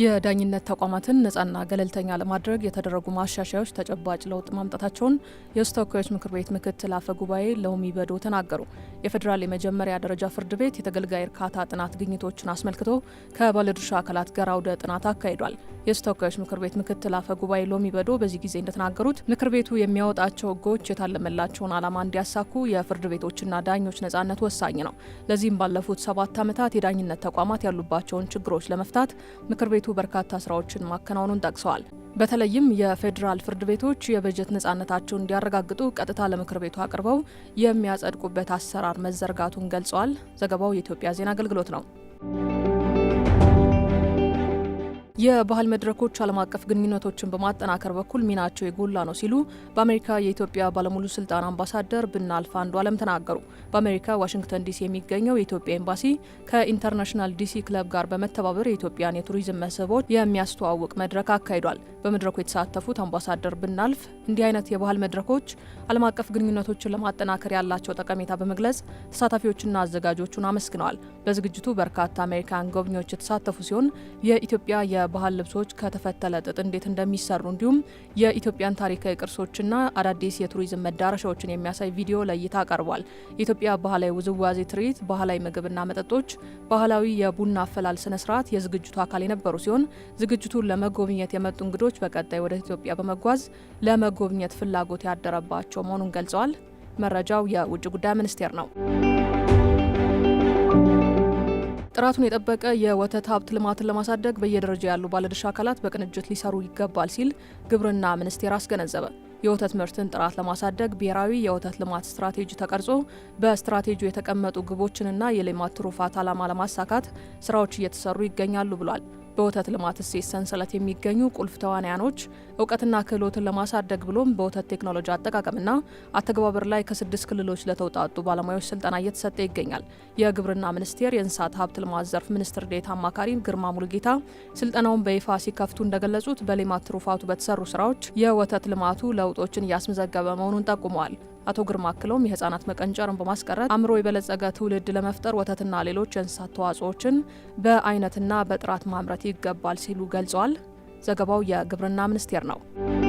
የዳኝነት ተቋማትን ነጻና ገለልተኛ ለማድረግ የተደረጉ ማሻሻያዎች ተጨባጭ ለውጥ ማምጣታቸውን የውስጥ ተወካዮች ምክር ቤት ምክትል አፈ ጉባኤ ለውሚ በዶ ተናገሩ። የፌዴራል የመጀመሪያ ደረጃ ፍርድ ቤት የተገልጋይ እርካታ ጥናት ግኝቶችን አስመልክቶ ከባለድርሻ አካላት ጋር አውደ ጥናት አካሂዷል። የተወካዮች ምክር ቤት ምክትል አፈ ጉባኤ ሎሚ በዶ በዚህ ጊዜ እንደተናገሩት ምክር ቤቱ የሚያወጣቸው ህጎች የታለመላቸውን ዓላማ እንዲያሳኩ የፍርድ ቤቶችና ዳኞች ነጻነት ወሳኝ ነው። ለዚህም ባለፉት ሰባት ዓመታት የዳኝነት ተቋማት ያሉባቸውን ችግሮች ለመፍታት ምክር ቤቱ በርካታ ስራዎችን ማከናወኑን ጠቅሰዋል። በተለይም የፌዴራል ፍርድ ቤቶች የበጀት ነጻነታቸውን እንዲያረጋግጡ ቀጥታ ለምክር ቤቱ አቅርበው የሚያጸድቁበት አሰራር መዘርጋቱን ገልጸዋል። ዘገባው የኢትዮጵያ ዜና አገልግሎት ነው። የባህል መድረኮች ዓለም አቀፍ ግንኙነቶችን በማጠናከር በኩል ሚናቸው የጎላ ነው ሲሉ በአሜሪካ የኢትዮጵያ ባለሙሉ ስልጣን አምባሳደር ብናልፍ አለም ተናገሩ። በአሜሪካ ዋሽንግተን ዲሲ የሚገኘው የኢትዮጵያ ኤምባሲ ከኢንተርናሽናል ዲሲ ክለብ ጋር በመተባበር የኢትዮጵያን የቱሪዝም መስህቦች የሚያስተዋውቅ መድረክ አካሂዷል። በመድረኩ የተሳተፉት አምባሳደር ብናልፍ እንዲህ አይነት የባህል መድረኮች ዓለም አቀፍ ግንኙነቶችን ለማጠናከር ያላቸው ጠቀሜታ በመግለጽ ተሳታፊዎችና አዘጋጆቹን አመስግነዋል። በዝግጅቱ በርካታ አሜሪካን ጎብኚዎች የተሳተፉ ሲሆን የኢትዮጵያ የባህል ልብሶች ከተፈተለ ጥጥ እንዴት እንደሚሰሩ እንዲሁም የኢትዮጵያን ታሪካዊ ቅርሶችና አዳዲስ የቱሪዝም መዳረሻዎችን የሚያሳይ ቪዲዮ ለእይታ ቀርቧል። የኢትዮጵያ ባህላዊ ውዝዋዜ ትርኢት፣ ባህላዊ ምግብና መጠጦች፣ ባህላዊ የቡና አፈላል ስነ ስርዓት የዝግጅቱ አካል የነበሩ ሲሆን ዝግጅቱን ለመጎብኘት የመጡ እንግዶች በቀጣይ ወደ ኢትዮጵያ በመጓዝ ለመጎብኘት ፍላጎት ያደረባቸው መሆኑን ገልጸዋል። መረጃው የውጭ ጉዳይ ሚኒስቴር ነው። ጥራቱን የጠበቀ የወተት ሀብት ልማትን ለማሳደግ በየደረጃ ያሉ ባለድርሻ አካላት በቅንጅት ሊሰሩ ይገባል ሲል ግብርና ሚኒስቴር አስገነዘበ። የወተት ምርትን ጥራት ለማሳደግ ብሔራዊ የወተት ልማት ስትራቴጂ ተቀርጾ በስትራቴጂው የተቀመጡ ግቦችንና የሌማት ትሩፋት ዓላማ ለማሳካት ስራዎች እየተሰሩ ይገኛሉ ብሏል። በወተት ልማት እሴት ሰንሰለት የሚገኙ ቁልፍ ተዋንያኖች እውቀትና ክህሎትን ለማሳደግ ብሎም በወተት ቴክኖሎጂ አጠቃቀምና አተገባበር ላይ ከስድስት ክልሎች ለተውጣጡ ባለሙያዎች ስልጠና እየተሰጠ ይገኛል። የግብርና ሚኒስቴር የእንስሳት ሀብት ልማት ዘርፍ ሚኒስትር ዴኤታ አማካሪ ግርማ ሙሉጌታ ስልጠናውን በይፋ ሲከፍቱ እንደገለጹት በሌማት ትሩፋቱ በተሰሩ ስራዎች የወተት ልማቱ ለውጦችን እያስመዘገበ መሆኑን ጠቁመዋል። አቶ ግርማ አክለውም የህፃናት መቀንጨርን በማስቀረት አእምሮ የበለጸገ ትውልድ ለመፍጠር ወተትና ሌሎች የእንስሳት ተዋጽኦችን በአይነትና በጥራት ማምረት ይገባል ሲሉ ገልጸዋል። ዘገባው የግብርና ሚኒስቴር ነው።